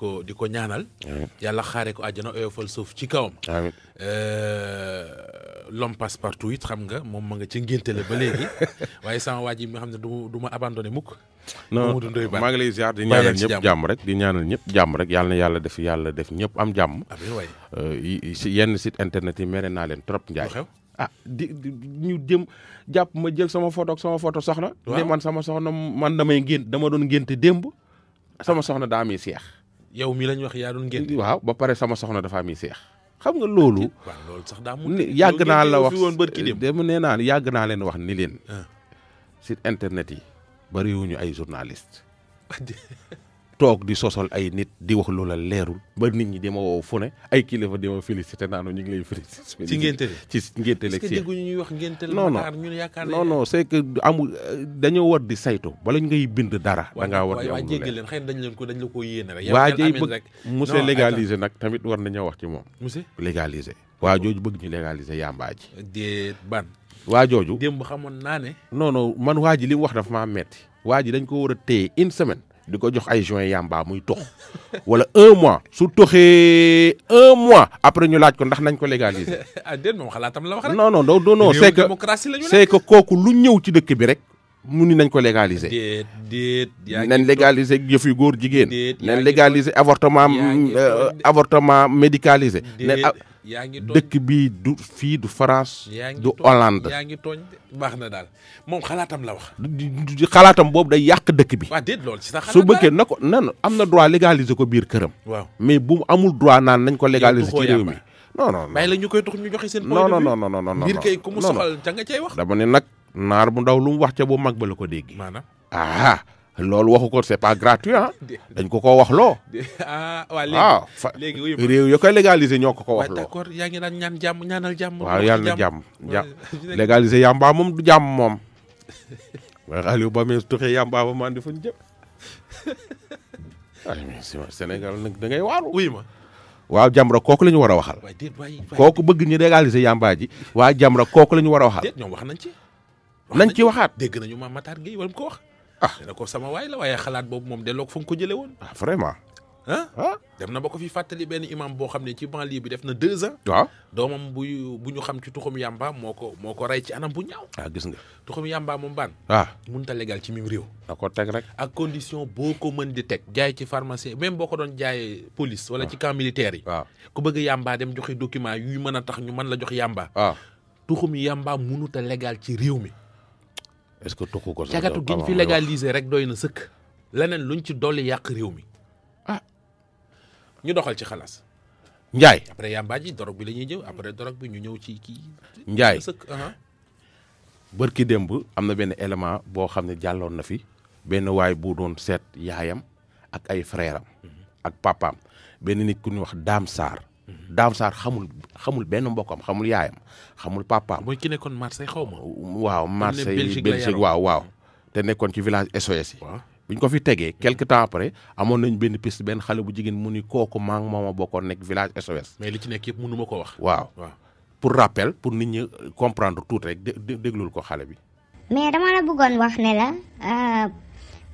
ko di ko ñaanal. yàlla xaaree ko àjjana oyofal suuf ci kawam. amiin euh, l'homme partout it xam nga moom ma nga ci ngénte la ba léegi waaye sama waa ji mi nga xam ne du du ma abandonné mukk. non maa ngi lay ziar di ñaanal ñëpp jàmm rek di ñaanal ñëpp jàmm rek yàlla na yàlla def yàlla def ñëpp am jàmm. amiin euh, si yenn site internet yi mere naa leen trop njaay. ah ñu dem jàpp ma jël sama photo ak sama photo soxna. waaw man sama soxna man damay ngént dama doon ngénte démb. sama ah. soxna daa seex. yow mi lañ wax yaa doon waaw ba pare sama soxna dafa am seex. xam nga loolu. Ah, sax daa mu yàgg naa la wax dem nee naa yàgg naa leen wax ni leen. Ah. site internet yi. bariwuñu ay journaliste toog di sosol ay nit di wax loola leerul ba nit ñi di ma woo fu ne ay kilifa di ma félicité naanu ñu ngi lay félicité. ci ngénte ci ngénte la ci ñuy wax ngénte la non non non c'est que amul dañoo war di saytu bala ñu ngay bind dara. da ngaa war di amul leen xëy na dañ leen ko dañ la ko yéene rek. waa jëy bëgg monsieur légaliser nag tamit war nañoo wax ci moom. monsieur légaliser. waa jooju bëgg ñu légaliser yàmbaa ji. déet ban. waa jooju démb xamoon naa ne. non non man waa ji li mu wax dafa maa metti waa ji dañ ko war a téye une semaine di ko jox ay yamba muy un mois su un mois après ñu laaj ko ndax non non non non c'est que c'est que koku lu ñew ci dëkk bi rek. nañ ko légaliser. avortement euh, avortement yaa ngi tooñ dëkk bii du fii du France. du Hollande yaa ngi tooñ baax na daal moom xalaatam la wax. di xalaatam boobu day yàq dëkk bi. waaw déet loolu ci sa xalaat su bëggee na ko nan am na droit légaliser ko biir këram. waaw mais bu mu amul droit naan nañ ko légaliser. ci réew mi non non non. bàyyi la ñu koy tux ñu joxe seen. point de vue non non non non non mbir kay ku mu soxal ca nga cay wax. dama ne nag naar bu ndaw lu mu wax ca bu mag ba la ko déggee. maanaam ah. loolu waxu ko c'est pas gratuit ah. dañ ko koo wax loo. Ah, ah fa léegi waaw réew yu koy légaliser ñoo ko ko wax loo. waaw d'accord yaa ngi naan ñaan jàmm ñaanal jàmm. waaw na jàmm jàmm légaliser yàmbaa moom du jàmm moom. waaye Aliou Ba mais su tuxee yàmbaa ba maan Sénégal nag da ngay waaru wuy ma. waaw Jamra kooku la ñu war a waxal. kooku bëgg ñu légaliser yàmbaa ji. waa Jamra kooku la ñu war a waxal. ñoom wax nañ ci. nañ ci waxaat dégg nañu ma Matar Gueye wala mu ko wax. ah dina ko sama waay la waaye xalaat boobu moom delloo ko fa ko jëlee ah, vraiment. ah dem na ba ko fi fàttali benn imam boo xam ne ci banlieue bi def na deux ans. waaw doomam buy bu ñu xam ci tuxum yàmba moo ko moo ko rey ci anam bu ñaaw. Ah, gis nga tuxum yàmba moom baan. waaw ah. mënut a legal ci mim réew. da ko teg rek. ak condition boo ko mën di teg. jaay ci pharmacie même boo ko doon jaay police. wala ci camp militaire yi. waaw ku bëgg yàmba dem joxe document yuy mën a tax ñu mën la jox yàmba. waaw tuxum yàmba mënut a légal ci réew mi. est-ce que tuxu ko sax cagatu giñ fi légaliser rek doy na sëkk. leneen luñ ci dolli yàq réew mi ah ñu doxal ci xalaas. Njaay après yàmbaa ji dorog bi la ñuy jëw après dorog bi ñu ñëw ci kii. Njaay sëkk uh-huh. bërki démb am na benn élément boo xam ne jàlloon na fi benn waay bu doon seet yaayam ak ay frère mm-hmm. ak papaam benn nit ku ñuy wax Dame Sarr Mm-hmm. Daaw Sarr xamul xamul benn mbokkam xamul yaayam xamul papaam. mooy ki nekkoon Marseille xaw ma. waaw Marseille Belgique waaw waaw. te nekkoon ci village SOS yi. bi ko fi tegee quelque temps après amoon nañ benn piste benn xale bu jigéen mu ni kooku maa ngi mooma bokkoon nekk village SOS. mais li ci nekk yëpp mënu ma ko wax. waaw waaw pour rappel pour nit ñi comprendre tout rek dé déglul ko xale bi. mais dama la bëggoon wax ne la euh,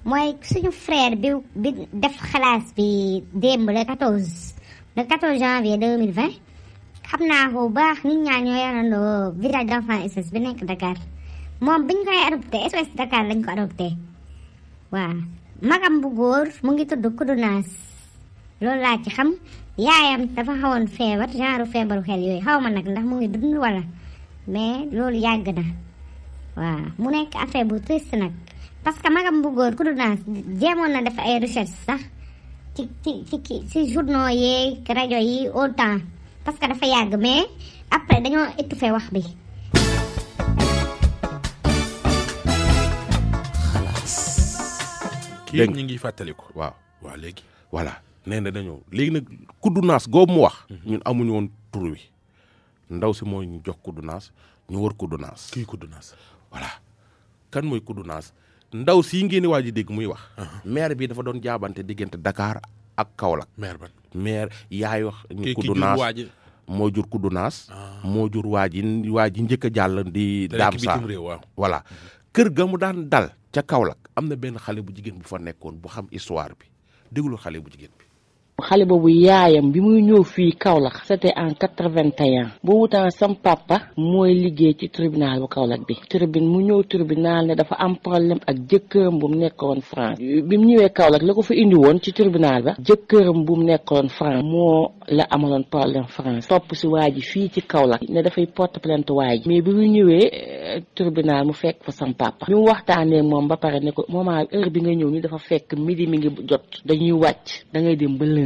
mooy suñu frère bi def xalaas bi démb le le 14 janvier 2020 xam naa ko bu baax ñun ñaar ñoo yarandoo village d'enfants SOS bi nekk Dakar moom biñ koy adopté SOS Dakar lañ ko adopté waaw magam bu góor mu ngi tudd Kudunaas loolu laa ci xam yaayam dafa xawoon feebar genre feebaru xel yooyu xaw nag ndax mu ngi dund wala mais loolu yàgg na waaw mu nekk affaire bu triste nag parce que magam bu góor Kudunaas jéemoon na def ay recherche sax. ci ci journaux yeeg rajo yi au temps parce que dafa yàgg mais après dañoo étouffé wax bi. kii ñu ngi fàttaliku. waaw waa léegi. voilà nee na dañoo léegi nag kuddu naas goobu mu wax. Mhm. ñun amuñu woon tur ndaw si mooy ñu jox kuddu naas ñu wër kuddu naas. kii kuddu naas. voilà kan mooy kuddu naas. ndaw sii ngeen di waaj dégg muy wax. Uh-huh. maire bi dafa doon jaabante diggante dakaar ak Kaolack. maire ban maire yaay wax. ñu kudd moo jur kudd naas. Ah. moo jur waa ji waa ji njëkk a jàll di. daam saa voilà. kër ga mu daan dal ca Kaolack am na benn xale bu jigéen bu fa nekkoon bu xam histoire bi déglu xale bu jigéen bi. xale boobu yaayam bi muy ñëw fii Kaolack c'était en quatre-vingt-un boobu temps sam papa mooy liggéey ci tribunal bu Kaolack bi tribune mu ñëw tribunal ne dafa am problème ak jëkkëram bu mu nekkoon France bi mu ñëwee Kaolack la ko fa indi woon ci tribunal ba jëkkëram bu mu nekkoon France moo la amaloon problème France topp si waa ji fii ci Kaolack ne dafay porte plainte waa ji mais bi mu ñëwee euh, tribunal mu fekk fa sam papa bi mu waxtaanee moom ba pare ne ko moment heure mi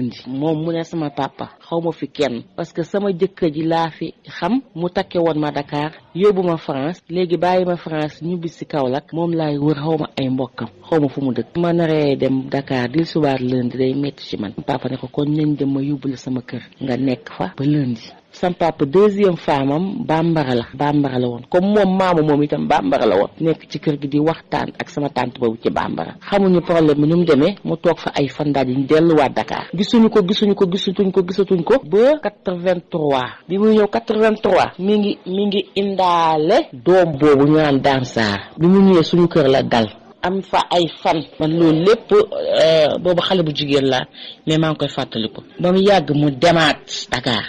Burundi moom mu ne sama papa xaw ma fi kenn parce que sama jëkkër ji laa fi xam mu takke woon ma dakaar yóbbu ma France léegi bàyyi ma France ñubbi si Kaolack moom laay wër xaw ma ay mbokkam xaw ma fu mu dëkk ma naree dem Dakar dil subaat lundi day metti ci man papa ne ko kon nañ dem ma yóbbu la sama kër nga nekk fa ba lundi sam papa deuxième femme am bambara la bambara la won comme mom nek mom itam bambara la won nek ci kër gi di waxtaan ak sama tante bobu ci bambara xamuñu problème ñum démé mu tok fa ay fan daal di wa Dakar gisunu ko gisunu ko gisutuñ ko gisutuñ ko ba 83 bi mu ñew 83 mi ngi mi ngi indalé doom bobu ñu naan bi mu ñew suñu kër la dal am fa ay fan man lepp euh bobu xalé bu jigen la mais maa ngi koy fatali ko yag mu demat Dakar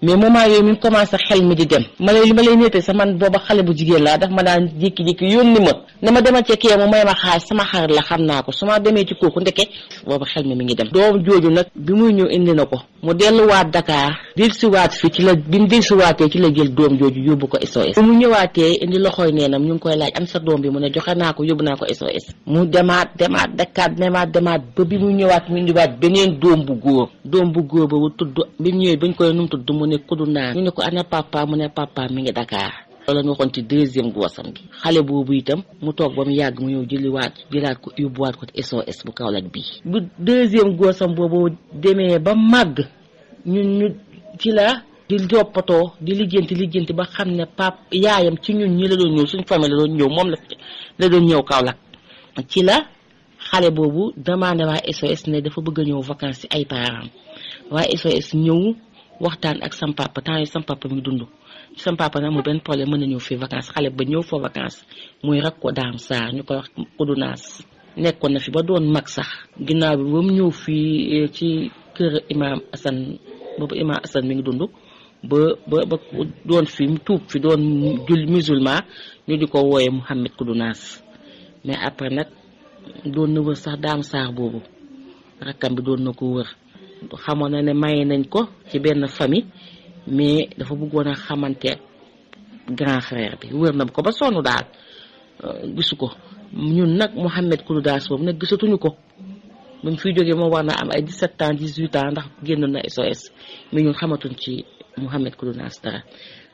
mais moment yooyu mi ngi commencé xel mi di dem ma li ma lay nettali sax man booba xale bu jigéen laa daf ma daan jékki-jékki yónni ma ne ma demal ca kee mu may ma xaaj sama xarit la xam naa ko su ma demee ci kooku ndeke booba xel mi mi ngi dem doom jooju nag bi muy ñëw indi na ko mu delluwaat Dakar dellusiwaat fi ci la bi mu dellusiwaatee ci jël doom jooju yóbbu ko SOS bi mu ñëwaatee indi loxooy neenam ñu ngi koy laaj am sa doom bi mu ne joxe naa ko yóbbu naa ko SOS mu demaat demaat Dakar demaat demaat ba bi mu ñëwaat mu indiwaat beneen doom bu góor doom bu góor ba tudd bi mu ñëwee bañ koy num tudd ne kudu naan ñu ne ko ana papa mu ne papa mi ngi Dakar loolu la waxoon ci deuxième goosam gi xale boobu itam mu toog ba mu yàgg mu ñëw jëliwaat jëlaat ko yóbbuwaat ko ci SOS bu Kaolack bii bu deuxième goosam boobu demee ba màgg ñun ñu ci la di toppatoo di lijjanti lijjanti ba xam ne pap yaayam ci ñun ñi la doon ñëw suñ famille la doon ñëw moom la la doon ñëw Kaolack ci la xale boobu demandé waa SOS ne dafa bëgg ñëw vacances ci ay parents waa SOS ñëw waxtaan ak sam papa tan sam papa mi dundu sam papa na mo ben problème mën na fi vacances xalé ba ñew fo vacances muy rak ko daam ñu wax kudunaas nekkon na fi ba doon mag sax ginaaw bi bam ñew fi eh, ci keur imam asan bobu imam asan mi ngi dundu ba ba ba doon fi tuup fi doon jul musulman ñu di ko wooye Mouhamed kudunaas mais après nak doon na sax daam bobu rakam bi doon nako wër xamoon na ne maye nañ ko ci benn famille mais dafa buggoon a xamante grand frère bi wër na ko ba sonn daal euh, gisu ko ñun nag Mouhamed Kouloudas boobu nag gisatuñu ko ba mu fiy jógee moom war na am ay 17 ans 18 ans ndax génn na SOS mais ñun xamatuñ ci Mouhamed Kouloudas dara.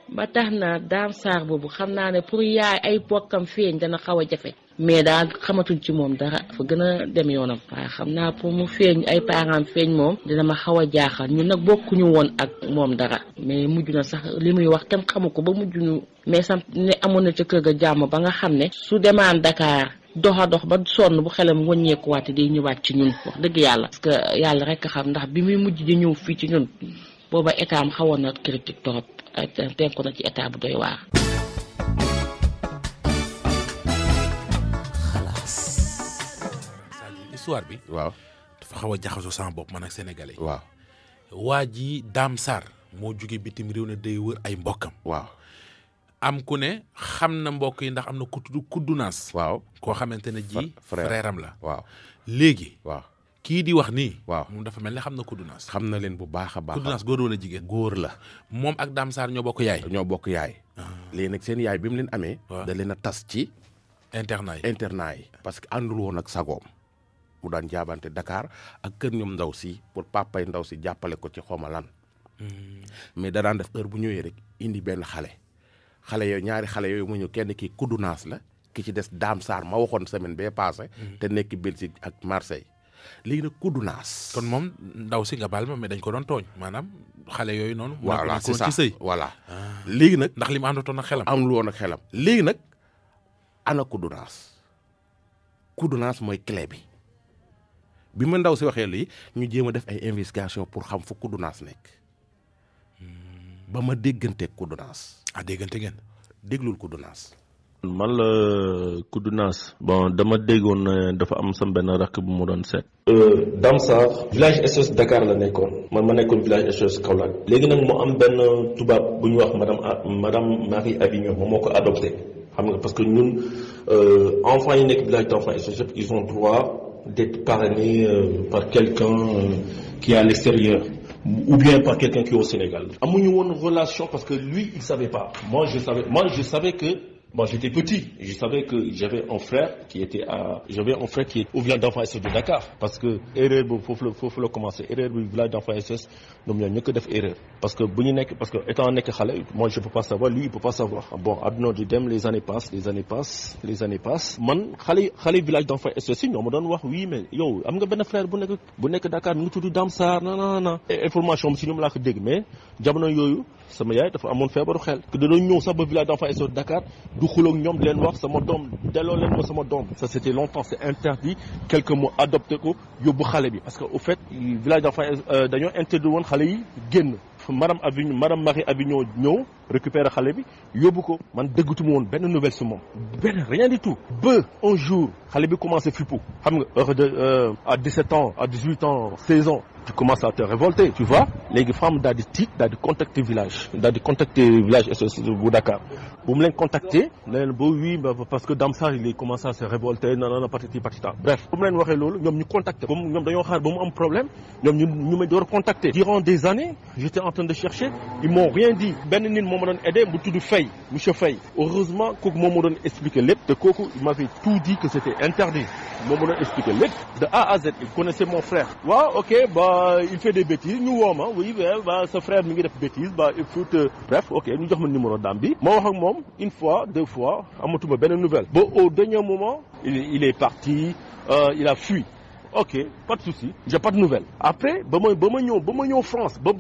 ba tax na daam saar boobu xam naa ne pour yaay ay bokkam feeñ dana xaw a jafe mais daa xamatuñ ci moom dara fa gën a dem yoonam waaye xam naa pour mu feeñ ay parents feeñ moom dina ma xaw a jaaxal ñu nag bokkuñu woon ak moom dara mais mujj na sax li muy wax kenn xamu ko ba mujj ñu mais sam ne amoon na ca kër ga jàmm ba nga xam ne su demaan Dakar doxa dox ba sonn bu xelam wàññeekuwaate day ñëwaat ci ñun wax dëgg yàlla parce yàlla rekk a xam ndax bi muy mujj di ñëw fii ci ñun booba état am xawoon na critique torop euh, tenko na ci état bu doy waar xalaas histoire bi waaw dafa xaw a jaxasoo sama bopp man ak sénégalais waaw waa ji Dame Sarr moo jóge bitim réew na day wër ay mbokkam waaw am ku ne xam na mbokk yi ndax am na ku tudd kuddunaas waaw koo xamante ne ji frère la waaw léegi waaw kii di wax nii. waaw moom dafa mel ni xam na Koudunaas. xam na leen bu baax a baax. Koudunaas góor jigéen. góor la moom ak Dame Sarr ñoo bokk yaay. ñoo bokk yaay. Ah. léegi nag seen yaay bi mu leen amee. da leen a tas ci. internat yi internat yi. parce que àndul woon ak sagoom mu daan jaabante Dakar ak kër ñoom ndaw si pour papay ndaw si jàppale ko ci xoma lan hmm. mais da daan def heure bu ñëwee rek indi benn xale. xale yooyu ñaari xale yooyu mu ñu kenn kii Koudunaas la ki ci des Dame Sarr ma waxoon semaine bee passé hmm. te nekk Belgique ak Marseille. léegi nag condoléances. kon moom ndaw si nga baal ma mais dañ ko doon tooñ maanaam xale yooyu noonu. voilà c'est ça voilà ah. léegi nag ndax li mu àndatoon ak xelam. am lu woon ak xelam léegi nag ana condoléances condoléances mooy clé bi bi ma ndaw si waxee lii ñu jéem a def ay investigation pour xam fu condoléances nekk hmm. ba ma dégganteeg condoléances. ah déggante ngeen déglul condoléances. man la euh, bon dama déggoon dafa am sam ben rakk bu mu doon seet. Euh, Dans village SOS Dakar la nekkon man ma nekkon village SOS Kaolack léegi nak mo am ben tubaab bu wax madame madame Marie Avignon mo moko adopté nga parce que ñun euh, enfants yi nekk village d'enfants. ils ont droit d'être être par quelqu'un qui est à l'extérieur. ou bien par quelqu'un qui est au Sénégal. Amuñu une relation parce que lui il savait pas moi je savais moi je savais que. Moi, j'étais petit. Je savais que j'avais un frère qui était à, j'avais un frère qui est au village d'enfants SS de Dakar. Parce que, erreur, faut, faut, commencer. Erreur, le village d'enfants SS, nous n'avons que des Parce que, parce que, étant un Khaled, moi, je ne peux pas savoir, lui, il ne peut pas savoir. Bon, Adnan dem les années passent, les années passent, les années passent. Man, Khaled, village d'enfants SS, me oui, mais, yo, am nga un frère, Dakar, nous, tout, dame, ça, non, non, non. Information, mais, sama yaay dafa amone feebaru xel que dañu ñëw sax ba village d'enfants et Dakar du xulok ñom di len wax sama dom delo len ma sama dom ça c'était longtemps c'est interdit quelques mois adopté ko yóbbu xalé bi parce que au fait village d'enfants euh, dañu interdit woon xale yi genn madame Avignon madame Marie Avignon ñëw récupérer xale il y ko man dëggatuma woon benn nouvelle de moom ben, rien du tout un jour Khalébi commence à fippu xam euh, à 17 ans à 18 ans 16 ans tu commences à te révolter tu vois Les femmes ont di le village daal contacté le village Au Dakar bu mu contacter oui bah, parce que Dans ça il commencé à se révolter non non bref Pour me leen waxee loolu ñu contacter comme xaar problème ñoom ñu ñu durant des années j'étais en train de chercher ils m'ont rien dit Ben, moo ma doon aidé mu tudd Faye monsieur Faye heureusement kooku moom ma donné expliqué lépp te kooku il m'avait tout dit que c'était interdit moom ma expliqué lépp de A à Z il connaissait mon frère Wa, ok bah il fait des bêtises Nous woo oui bah ce frère mi ngi def bêtises, bah il faut bref ok nous jox ma numéro d'Ambi. Moi ma wax ak une fois deux fois tour, benn nouvelle ba au dernier moment il est parti euh, il a fui ok pas de souci j'ai pas de nouvelles. après je ma ba en France ba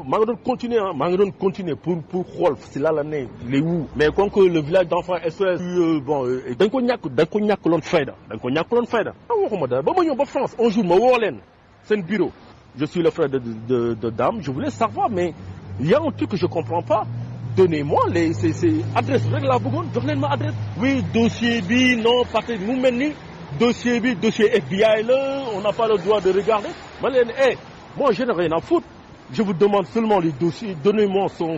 continue, continuer ah, continuer pour pour c'est là là la né, les où. mais quand que le village d'enfants SOS e euh, bon il y a dañ ko ñàkk loon fayda dañ a ah, waxuma dara ma ba France un jour ma woo c'est le bureau je suis le frère de dame je voulais savoir mais il y a un truc que je comprends pas donnez-moi les ces ces adresses rek la oui dossier B, non parti mu nous dossier bi dossier FBI on n'a pas le droit de regarder. Mais eh, moi je n'ai rien à foutre. Je vous demande seulement les dossiers, donnez-moi son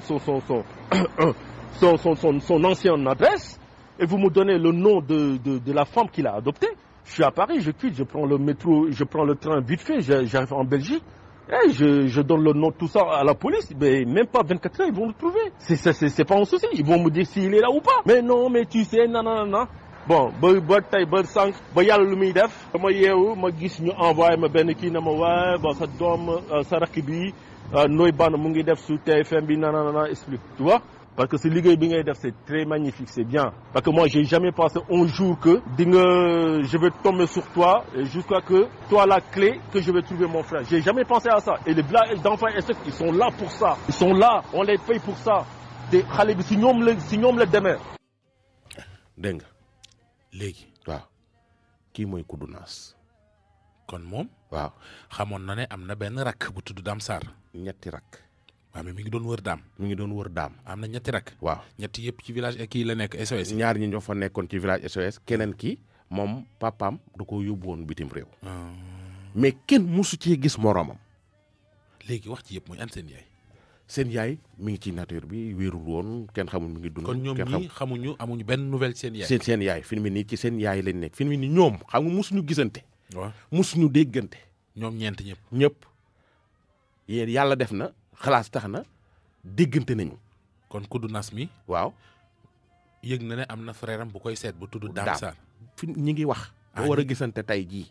son ancienne adresse et vous me donnez le nom de, la femme qu'il a adoptée. Je suis à Paris, je quitte, je prends le métro, je prends le train vite fait, j'arrive en Belgique. Et eh, je, donne le nom de tout ça à la police, mais même pas 24 heures, ils vont le trouver. C'est pas un souci, ils vont me dire s'il est là ou pas. Mais non, mais tu sais, non, non, non bon ba ba tey ba sànq ba yàlla lu muy def dama yeewu ma gis ñu envoyé ma benn kii na ma waaye ba sa doom euh, sa rakk bi euh, nooy bànn mu ngi def su TFM bi nanana explique tu vois parce que ce ligue bi ngay def c'est très magnifique c'est bien parce que moi j'ai jamais pensé un jour que di je vais tomber sur toi jusqu'à que toi la clé que je vais trouver mon frère j'ai jamais pensé à ça et les villages d'enfants ESF ils sont là pour ça ils sont là on les paye pour ça te xale bi si ñoom la si ñoom la léegi waaw kii mooy kuddu naas. kon moom. waaw xamoon na ne am na benn rakk bu tudd Dame Sarr. ñetti rakk. waaw mais mi ngi doon wër daam. mi ngi doon wër daam. am na ñetti rakk. waaw ñetti yëpp ci village kii la nekk SOS. ñaar ñi ñoo fa nekkoon ci village SOS keneen ki moom papaam da ko yóbbu woon bitim réew. Ah. mais kenn musu ci gis moroomam. léegi wax ci yëpp mooy an yaay. seen yaay mi ngi ci nature bi wéerul woon kenn xamul mu ngi dund. kon ñoom ñii xamuñu amuñu benn nouvelle seen yaay. seen seen nii ci seen yaay lañ nekk fi mu ne nii ñoom xam nga mosuñu gisante. waaw mosuñu déggante. ñoom ñeent ñëpp. ñëpp yéen yàlla def na xalaas tax na déggante nañu. kon kuddu nas mi. waaw yëg na ne am na frère bu koy seet bu tudd. Dame Sarr fi ñi ngi wax. boo ah, war a gisante tey jii.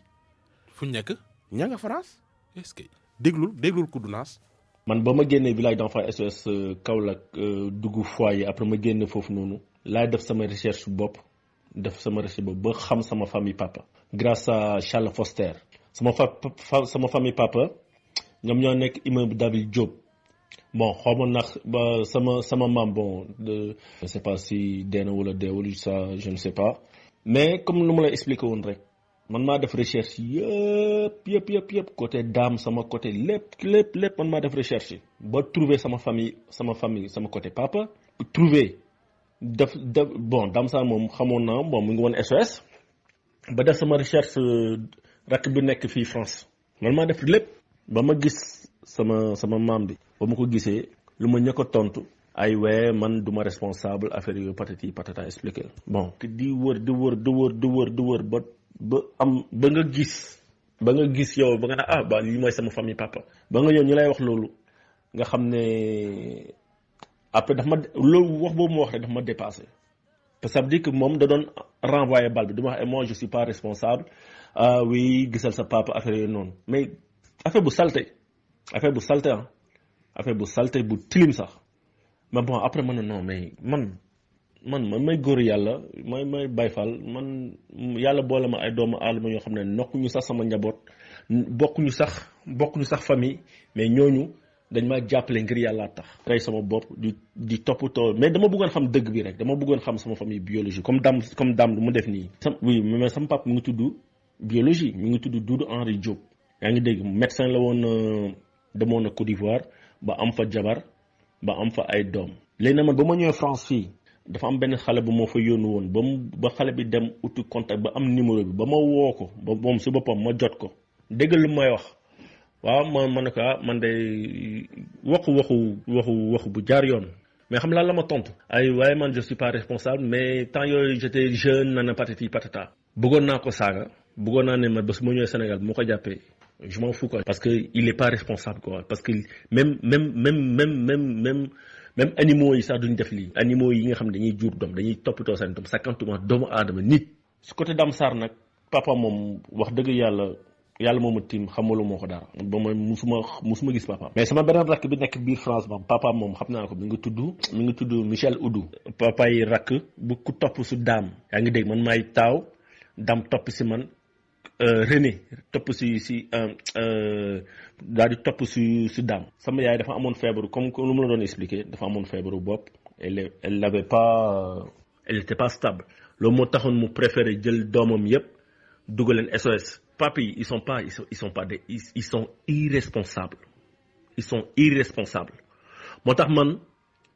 fu ñu nekk. ña nga France. est-ce que déglul déglul kuddu nas. man bama ma génnee village d'enfants SOS euh, Kaolack euh, dugg foyer après ma génn fofu nonou lay def sama recherche bop def sama recherche bop ba xam sama famille papa grâce à Charles Foster sama fa sama famille papa ñom ñoo nek immeuble David Diop bon xaw nak ba sama sama maam bon je sais pas si dee wala deewul ça je ne sais pas mais comme nous ma la expliqué rek man maa def recherche yëpp yëpp yëpp côté dame, sama côté lépp lépp lépp man m'a def recherche ba trouver sama famille sama famille sama côté papa. trouver def bon dame, sax moom xamoon bon mu ngi SOS ba def sama recherche rakk bi France man maa def lépp ba ma gis sama sama maam bi. ba ma ko gisee lu ma tontu. responsable affaire yu patati patata expliqué bon. di wër di wër di wër wër ba am ba nga gis ba nga gis yow ba nga ah ba lii moy sama famille papa ba nga yow ñu lay wax lolu nga xamné après daf ma loolu wax bo mo waxe rek ma dépasser parce que ça veut dire que mom da doon renvoyer bal bi dama wax eh, moi je suis pas responsable ah oui gisal sa papa affaire yooyu non mais affaire bu salté affaire bu salté hein ah. affaire bu salté bu tilim sax mais bon après man non mais man. man man may gor yalla may may bayfal man yalla boole ma ay doomu aadama yo xam nokku ñu sax sama njabot bokku ñu sax bokku ñu sax fami mais ñoñu dañ ma jàppale ngir yalla tax tay sama bop di di topoto mais dama bëggoon xam dëgg bi rek dama bëggoon xam sama fami biologie comme dam comme dam mu def ni oui mais sama pap mu ngi tuddu biologie mu ngi tuddu Doudou Henri Diop ya ngi dégg médecin la won euh, de mon Côte d'Ivoire ba am fa jabar ba am fa ay doom léegi nag man ba ma ñëwee France fii dafa am benn xale bu moo fa yónnu woon ba mu ba xale bi dem uti contact ba am numéro bi ba ma woo ko ba moom si boppam ma jot ko dégg lu may wax waaw ma ma ne ko ah man day waxu waxu waxu waxu bu jaar yoon mais xam laa la ma tontu. ay waaye man je suis pas responsable mais temps yooyu j'étais jeune nana patati patata. bëggoon naa ko saaga bëggoon naa ne ma ba su ma ñëwee Sénégal bu ma ko jàppee je m'en fous quoi. parce que il est pas responsable quoi parce que même même même même même même. même animaux yi sax duñ def lii animaux yi nga xam ne dañuy jur doom dañuy toppatoo seen doom cinquantement doomu aadama nit su côté Dame Sarr nag papa moom wax dëgg yàlla yàlla moom a tiim xamalu moo ko dara ba ma musuma musuma gis papaam mais sama beneen rakk bi nekk biir France moom papaam moom xam naa ko mi ngi tudd mu ngi tuddu Michel Oudou papa yi rakk bu ku topp su daam yaa ngi dégg man maay taaw daam topp si man Euh, René top si si euh, euh di top si si daam sama yaay dafa amoon fièvre, comme lu me la doon expliqué dafa amoon feebaru bopp elle elle n'avait pas euh, elle n'était pas stable Le moo taxoon mu préféré jël doomam yëpp dugaleen SOS papi ils sont pas ils sont ils sont pas des ils sont irresponsables ils sont irresponsables moo tax man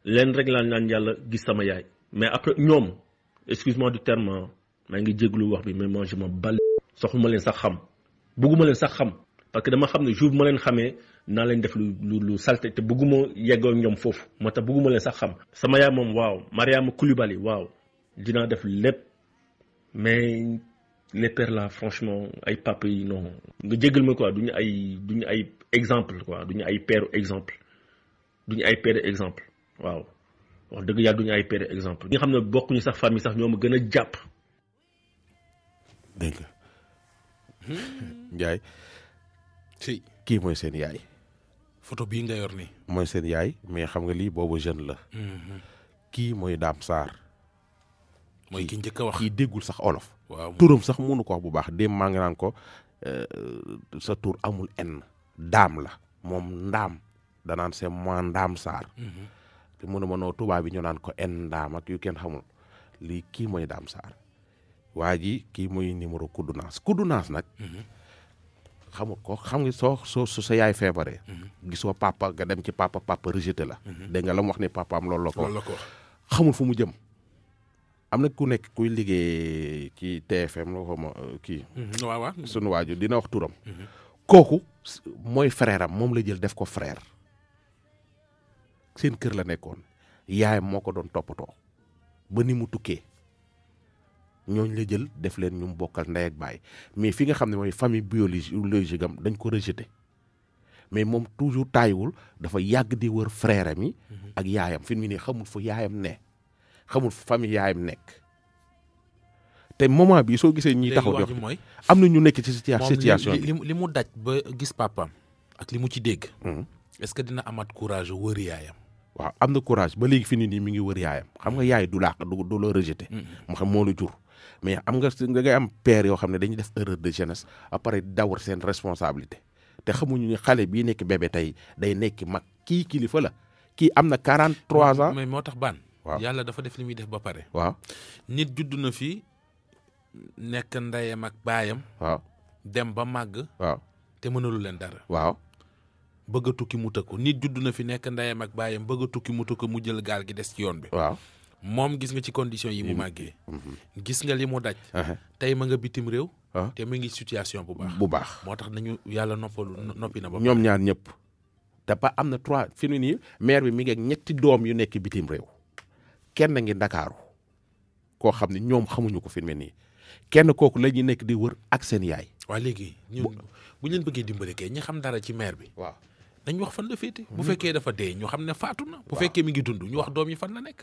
leen rek laa naan yàlla gis sama yaay mais après ñoom excuse-moi du terme ah, maa ngi wax bi mais moi je me bats soxuma leen sax xam bëgguma leen sax xam parce que dama xam ne jour ma leen xamee naa leen def lu lu lu salté te bëgguma yeggoo ñoom foofu moo tax bëgguma leen sax xam sama yaay moom waaw Mariama Koulibaly waaw dinaa def lépp mais les pères là franchement ay papa yi non nga jégal ma quoi duñu ay duñu ay exemple quoi duñu ay père exemple duñu ay père exemple waaw wax dëgg yàlla duñu ay père exemple ñi nga xam ne bokkuñu sax famille sax ñoo ma gën a jàpp dégg nga Hmm. Ndiaye. kii mooy seen yaay. photo bii nga yor nii. mooy seen yaay mais xam nga lii boobu jeune la. Hmm. kii mooy daam saar mooy ki njëkk a wax kii déggul sax olof. waaw turam sax mënu ko wax bu baax démb maa ngi naan ko euh, sa tuur amul enn daam la moom ndaam danaan c'est moi Ndam Sarr. Hmm. te mënuma noo tubaab bi ñu naan ko enn ndaam ak yu kenn xamul lii kii mooy Dame Sarr. waji ki kii numéro kuddu kudunas nak naas mhm. xamul ko xam nga so so sa yaay feebaree. wa mhm. papa ga dem ci papa papa rejeté la. Mhm. dégg nga lam wax ni papa am la ko. ko xamul fu mu jëm. amna ku nek kuy liggé ci TFM lo xoma euh, ki wa wa sunu dina wax turam. koku, moy frère am mom la jël def ko frère. seen kër la nekkoon yaay moko don doon ba ni mu tukkee. ñooñu la jël def leen ñu mu bokkal ndey ak baay mais fi nga xam ne mooy famille biologique am dañ ko rejeté mais moom toujours taayiwul dafa yàgg di wër frère am mhm. ak yaayam fi mu ne xamul fu yaayam ne xamul fu famille nekk te moment bi soo gisee ñiy taxaw mooy am na ñu nekk ci situation bi li mu daj ba gis papaam ak li mu ci dégg mhm. est-ce que dina amaat courage wër yaayam waaw am na courage ba léegi fi nit ñi mi ngi wër yaayam xam nga yaay du laax du la rejeté. Mhm. moo la jur mais am nga nga ngay am père yoo xam ne dañuy def erreur de jeunesse après dawar seen responsabilité te xamuñu ni xale bii nekk bébé tey day nekki mag kii kilifa la kii am na 43 ans. mais moo tax baan. waaw yàlla dafa def li muy def ba pare. waaw nit judd na fi nekk ndeyam ak baayam. waaw dem ba màgg. waaw te mënalu leen dara. waaw. bëgg a tukki mu tëkku nit judd na fi nekk ndeyam ak baayam bëgg a tukki mu tëkku mu jël gaal gi des ci yoon bi. waaw moom gis nga ci condition yi mu màggee. Mhm. gis nga li mu daj. Uh-huh. tey ma nga bitim réew. Ah. te mu ngi situation bu baax. bu baax moo tax nañu yàlla noppalu noppi na ba. ñoom ñaar ñëpp. dafa am na trois fi mu nii maire bi mi ñetti doom yu nekk bitim réew. kenn ngi ndakaaru koo xam ne ñoom xamuñu ko fi mu nii kenn kooku la ñuy nekk di wër ak seen yaay. waa léegi ñun bu ñu leen bëggee dimbale kay ñi xam dara ci maire bi. waaw dañu wax fan la féete. bu mm-hmm. fekkee dafa dee ñu xam ne faatu na. bu fekkee mi ngi dund ñu wax doom yi fan la nekk.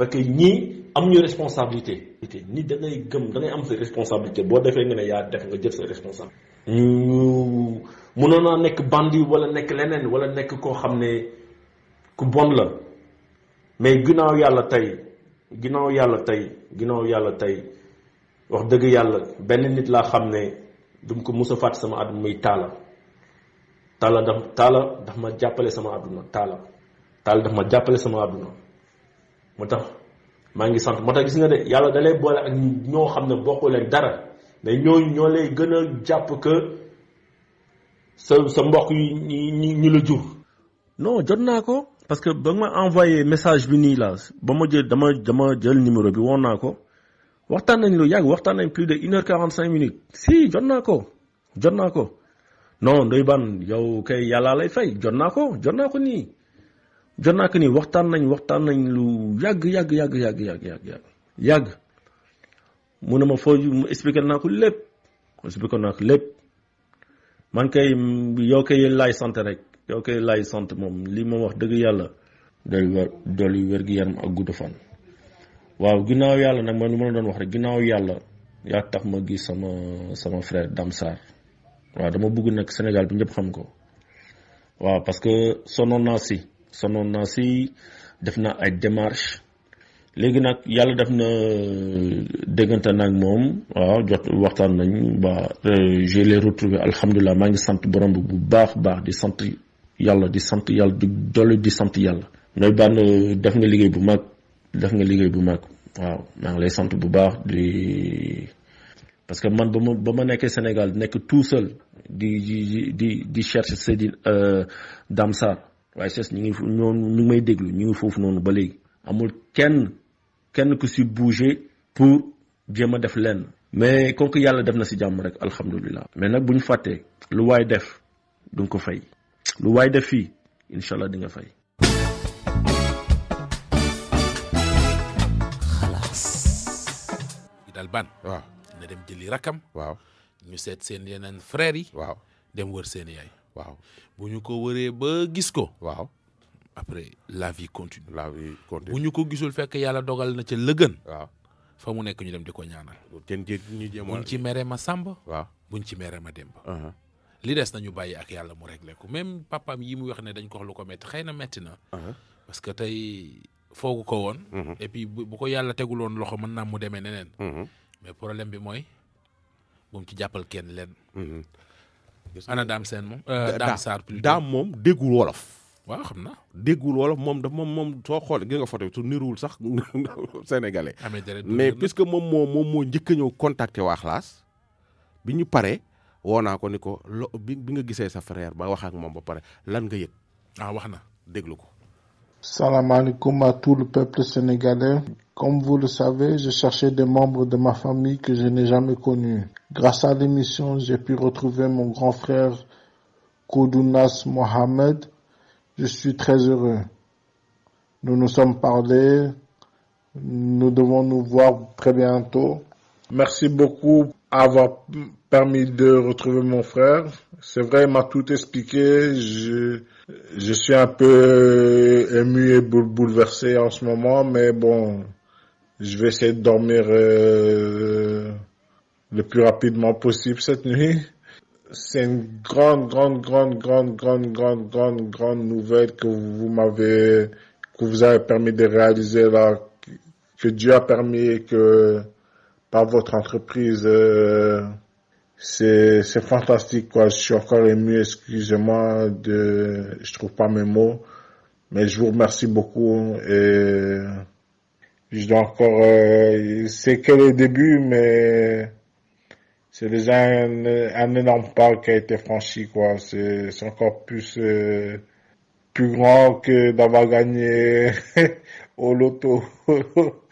parce que ñii am ñu responsabilité nit da ngay gëm da am sa responsabilité boo defee nga ne yaa def nga jël sa responsabilité ñu mënoon naa nekk bandi wala nekk leneen wala nekk koo xam ne ku bon la mais ginnaaw yàlla tey ginnaaw yàlla tey ginnaaw yàlla tey wax dëgg yàlla benn nit laa xam ne dum ko mos fàtt sama àdduna muy taala taala daf taala daf ma jàppale sama àdduna taala taala daf ma jàppale sama àdduna motax tax maa ngi sant moo gis nga de yàlla da lay boole ak ñoo xam ne bokku leen dara mais ñooñu ñoo lay gën a jàpp que sa sa mbokk yi ñu ñu la jur. non jot naa ko parce que ba ma envoyé message bi nii la ba ma jël dama dama jël numéro bi woon naa ko waxtaan nañ lu yàgg waxtaan nañ plus de une heure quarante cinq minutes si jot naa ko jot naa ko non Ndoye ban yow kay yàllaa lay fay jot naa ko jot naa ko nii. jot naa ko ni waxtaan nañ waxtaan nañ lu yàgg yàgg yàgg yàgg yàgg yàgg yàgg mu ne ma foo mu expliqué naa ko lépp expliqué naa man kay yow kay laay sant rek yow kay laay sant moom li ma wax dëgg yàlla. dool wér dool yu wér gi yaram ak gudd fan. waaw ginnaaw yàlla nag ma lu ma la doon wax rek ginnaaw yàlla yaa tax ma gis sama sama frère Dame waaw dama bëgg nag Sénégal bi ñépp xam ko waaw parce que naa si. sonoon naa si def naa ay démarches légui nak yalla def na euh, déggante nag moom waaw jot waxtan nañ ba euh, je l'ai retrouvé alhamdoulillah maa ngi sant borom bu baax baax di sante yalla di sante yalla di dolli di sante yalla noy ban euh, def nga liggéey bu mag def nga liggéey bu mag waaw maa ngi lay sante bu baax di parce que man bama ma ba Sénégal nekk tout seul di di di di chercher Sedine euh Sarr nous ñi nous ngi ñu may déglu ñu ngi foofu ba amul kenn kenn bougé pour a def lenn mais yàlla def na mais nag bu ñu lu waay def du ko fay lu waay def fii incha di nga fay ban waaw na dem jëli rakam waaw ñu frères yi waaw dem waaw bu ñu ko wëree ba gis ko. waaw après la vie continue. la vie bu ñu ko gisul fekk yàlla dogal na ca lëgën. waaw fa mu nekk ñu dem di ko ñaanal. kenn ñu jéem buñ ci mere ma sàmb. waaw buñ ci mere ma démb. Uh-huh. li des nañu bàyyi ak yàlla mu réglé ko même papaam yi mu wax ne dañ ko wax lu ko métti xëy na métti na. Uh-huh. parce que tey foogu ko woon. Uh-huh. et bu ko yàlla tegul woon loxo mën naa mu demee neneen. mais problème bi mooy bu ci jàppal kenn leen. ana daam seen moom. Euh, daam saar plus moom déggul wolof. waaw xam naa déggul wolof moom dafa moom moom soo xool gis nga photo bi su niruwul sax sénégalais. Ah, mais puisque moom moo moom moo njëkk a ñëw contacter waa xalaas bi ñu paree woo naa ko ni ko lo bi bi nga gisee sa frère ba wax ak moom ba pare lan nga yëg. ah wax na déglu ko. Salam alaikum à tout le peuple sénégalais. Comme vous le savez, je cherchais des membres de ma famille que je n'ai jamais connus. Grâce à l'émission, j'ai pu retrouver mon grand frère Koudounas Mohamed. Je suis très heureux. Nous nous sommes parlé. Nous devons nous voir très bientôt. Merci beaucoup d'avoir permis de retrouver mon frère. C'est vrai, il m'a tout expliqué. Je, je suis un peu euh, ému et bouleversé en ce moment, mais bon, je vais essayer de dormir euh, le plus rapidement possible cette nuit. C'est une grande, grande, grande, grande, grande, grande, grande, grande nouvelle que vous m'avez, que vous avez permis de réaliser là, que Dieu a permis que par votre entreprise. Euh, c'est c'est fantastique quoi. Je suis encore ému. Excusez-moi de, je trouve pas mes mots, mais je vous remercie beaucoup et je dois encore. Euh, c'est que le début, mais c'est déjà un, énorme pas qui a été franchi quoi. C'est c'est encore plus euh, plus grand que d'avoir gagné au loto.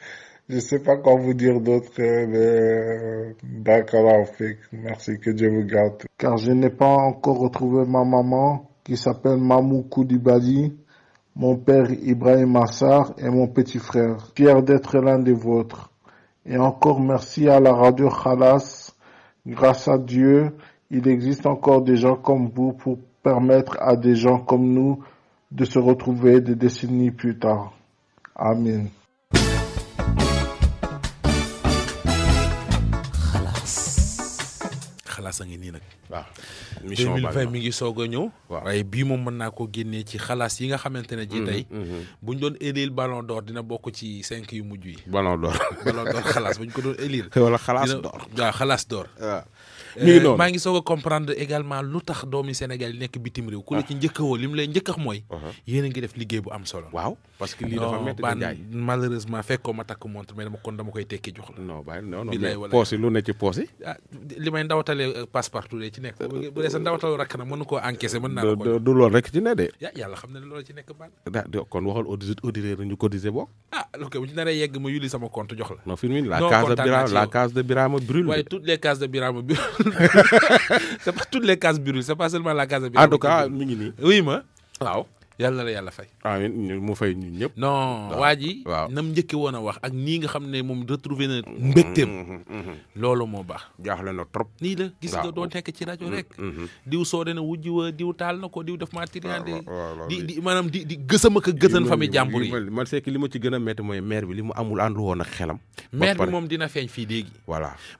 je sais pas quoi vous dire d'autre, mais euh, Merci, que Dieu vous garde. Car je n'ai pas encore retrouvé ma maman, qui s'appelle Mamou Koudibadi, mon père Ibrahim Massar et mon petit frère. Fier d'être l'un des vôtres. Et encore merci à la radio Khalas. Grâce à Dieu, il existe encore des gens comme vous pour permettre à des gens comme nous de se retrouver des décennies plus tard. Amen. xalaas a ngi nii nag. waaw mission mi ngi soog a ñëw. waaw waaye bii moom mën naa ko génnee ci xalaas yi nga xamante ne. ji mm-hmm, tey mm-hmm. buñ doon élire ballon d'or dina bokk ci cinq yu mujj yi. ballon d'or ballon d'or xalaas bu ko doon élire. wala xalaas d'or waaw xalaas d'or. Euh, maa ngi soog a comprendre également lu tax doomi Sénégal yi nekk bitim réew. ku la ah. njëkk woo li mu lay njëkk a mooy. Uh-huh. yéen a ngi def liggéey bu am solo. parce que lii dafa métti di jaay malheureusement fekkoo ma takk montre mais dama kon dama koy tekki jox la. non bàyyi non non mais ah, euh, nekk. na mënu koo encaissé mën naa la ko. du loolu ne de. yàlla xam na ne loolu ci nekk baan. daa kon waxal auditeurs auditeurs ñu cotiser bokk. ah lu ko bu ñu naree yegg ma case de Birama la case c'est pas toutes les cases brûle c'est pas seulement la case de Birama. en tout cas mi nii. oui ma yàlla la yàlla fay. amiin mu fay ñun ñëpp. non waa ji. waaw nam njëkki woon a wax ak nii nga xam ne moom retrouvé na mbégteem. Mm-hmm, mm-hmm, mm-hmm. loolu moo baax. jaaxle na trop. nii la gis nga doo nekk ci rajo rek. diw soode na wujj wa diw taal na ko diw def ma tiriyaande di di maanaam di di gësama ko gësan famille jàmbur yi. man c'est que li ma ci gën a métti mooy maire bi li mu amul ànd woon ak xelam. maire bi moom dina feeñ fii léegi.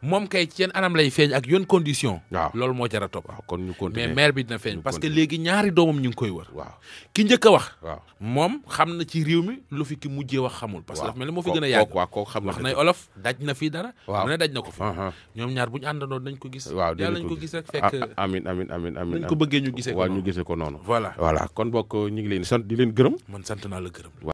moom kay ci yenn anam lay feeñ ak yoon condition. waaw loolu moo jar a topp. kon ñu que léegi ñaari doomam ñu ngi koy wër. njëkk a wax. waaw moom xam na ci réew mi lu fi ki mujjee wax xamul. parce que dafa mel ni moo fi gën a yàgg. waaw xam nay olof daj na fii dara. waaw mu na ko fi. Uh-huh. ñoom ñaar bu ñu àndandoo dañ ko gis. waaw dinañ ko gis rek fekk. amiin amiin amiin amiin ko bëggee ñu gisee ko noonu. waaw ñu gisee ko noonu. voilà voilà kon bokk ñu ngi leen sant di leen gërëm. man sant la gërëm.